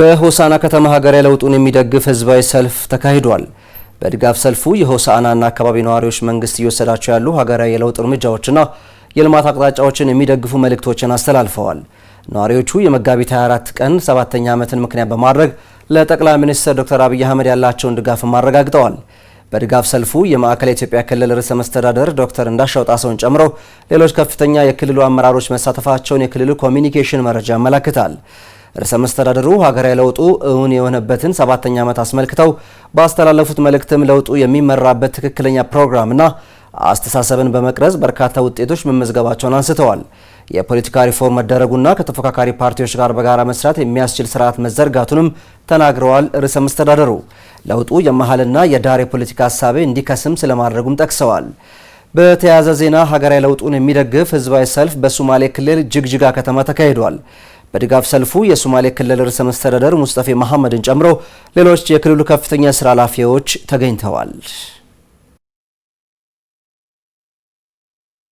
በሆሳና ከተማ ሀገራዊ ለውጡን የሚደግፍ ህዝባዊ ሰልፍ ተካሂዷል። በድጋፍ ሰልፉ የሆሳዕናና አካባቢ ነዋሪዎች መንግስት እየወሰዳቸው ያሉ ሀገራዊ የለውጥ እርምጃዎችና የልማት አቅጣጫዎችን የሚደግፉ መልእክቶችን አስተላልፈዋል። ነዋሪዎቹ የመጋቢት 24 ቀን ሰባተኛ ዓመትን ምክንያት በማድረግ ለጠቅላይ ሚኒስትር ዶክተር አብይ አህመድ ያላቸውን ድጋፍም አረጋግጠዋል። በድጋፍ ሰልፉ የማዕከላዊ ኢትዮጵያ ክልል ርዕሰ መስተዳደር ዶክተር እንዳሻው ጣሰውን ጨምሮ ሌሎች ከፍተኛ የክልሉ አመራሮች መሳተፋቸውን የክልሉ ኮሚኒኬሽን መረጃ ያመለክታል። ርዕሰ መስተዳደሩ ሀገራዊ ለውጡ እውን የሆነበትን ሰባተኛ ዓመት አስመልክተው ባስተላለፉት መልእክትም ለውጡ የሚመራበት ትክክለኛ ፕሮግራምና አስተሳሰብን በመቅረጽ በርካታ ውጤቶች መመዝገባቸውን አንስተዋል። የፖለቲካ ሪፎርም መደረጉና ከተፎካካሪ ፓርቲዎች ጋር በጋራ መስራት የሚያስችል ስርዓት መዘርጋቱንም ተናግረዋል። ርዕሰ መስተዳደሩ ለውጡ የመሀልና የዳር የፖለቲካ ሀሳቤ እንዲከስም ስለማድረጉም ጠቅሰዋል። በተያያዘ ዜና ሀገራዊ ለውጡን የሚደግፍ ህዝባዊ ሰልፍ በሶማሌ ክልል ጅግጅጋ ከተማ ተካሂዷል። በድጋፍ ሰልፉ የሶማሌ ክልል ርዕሰ መስተዳደር ሙስጠፌ መሐመድን ጨምሮ ሌሎች የክልሉ ከፍተኛ ስራ ኃላፊዎች ተገኝተዋል።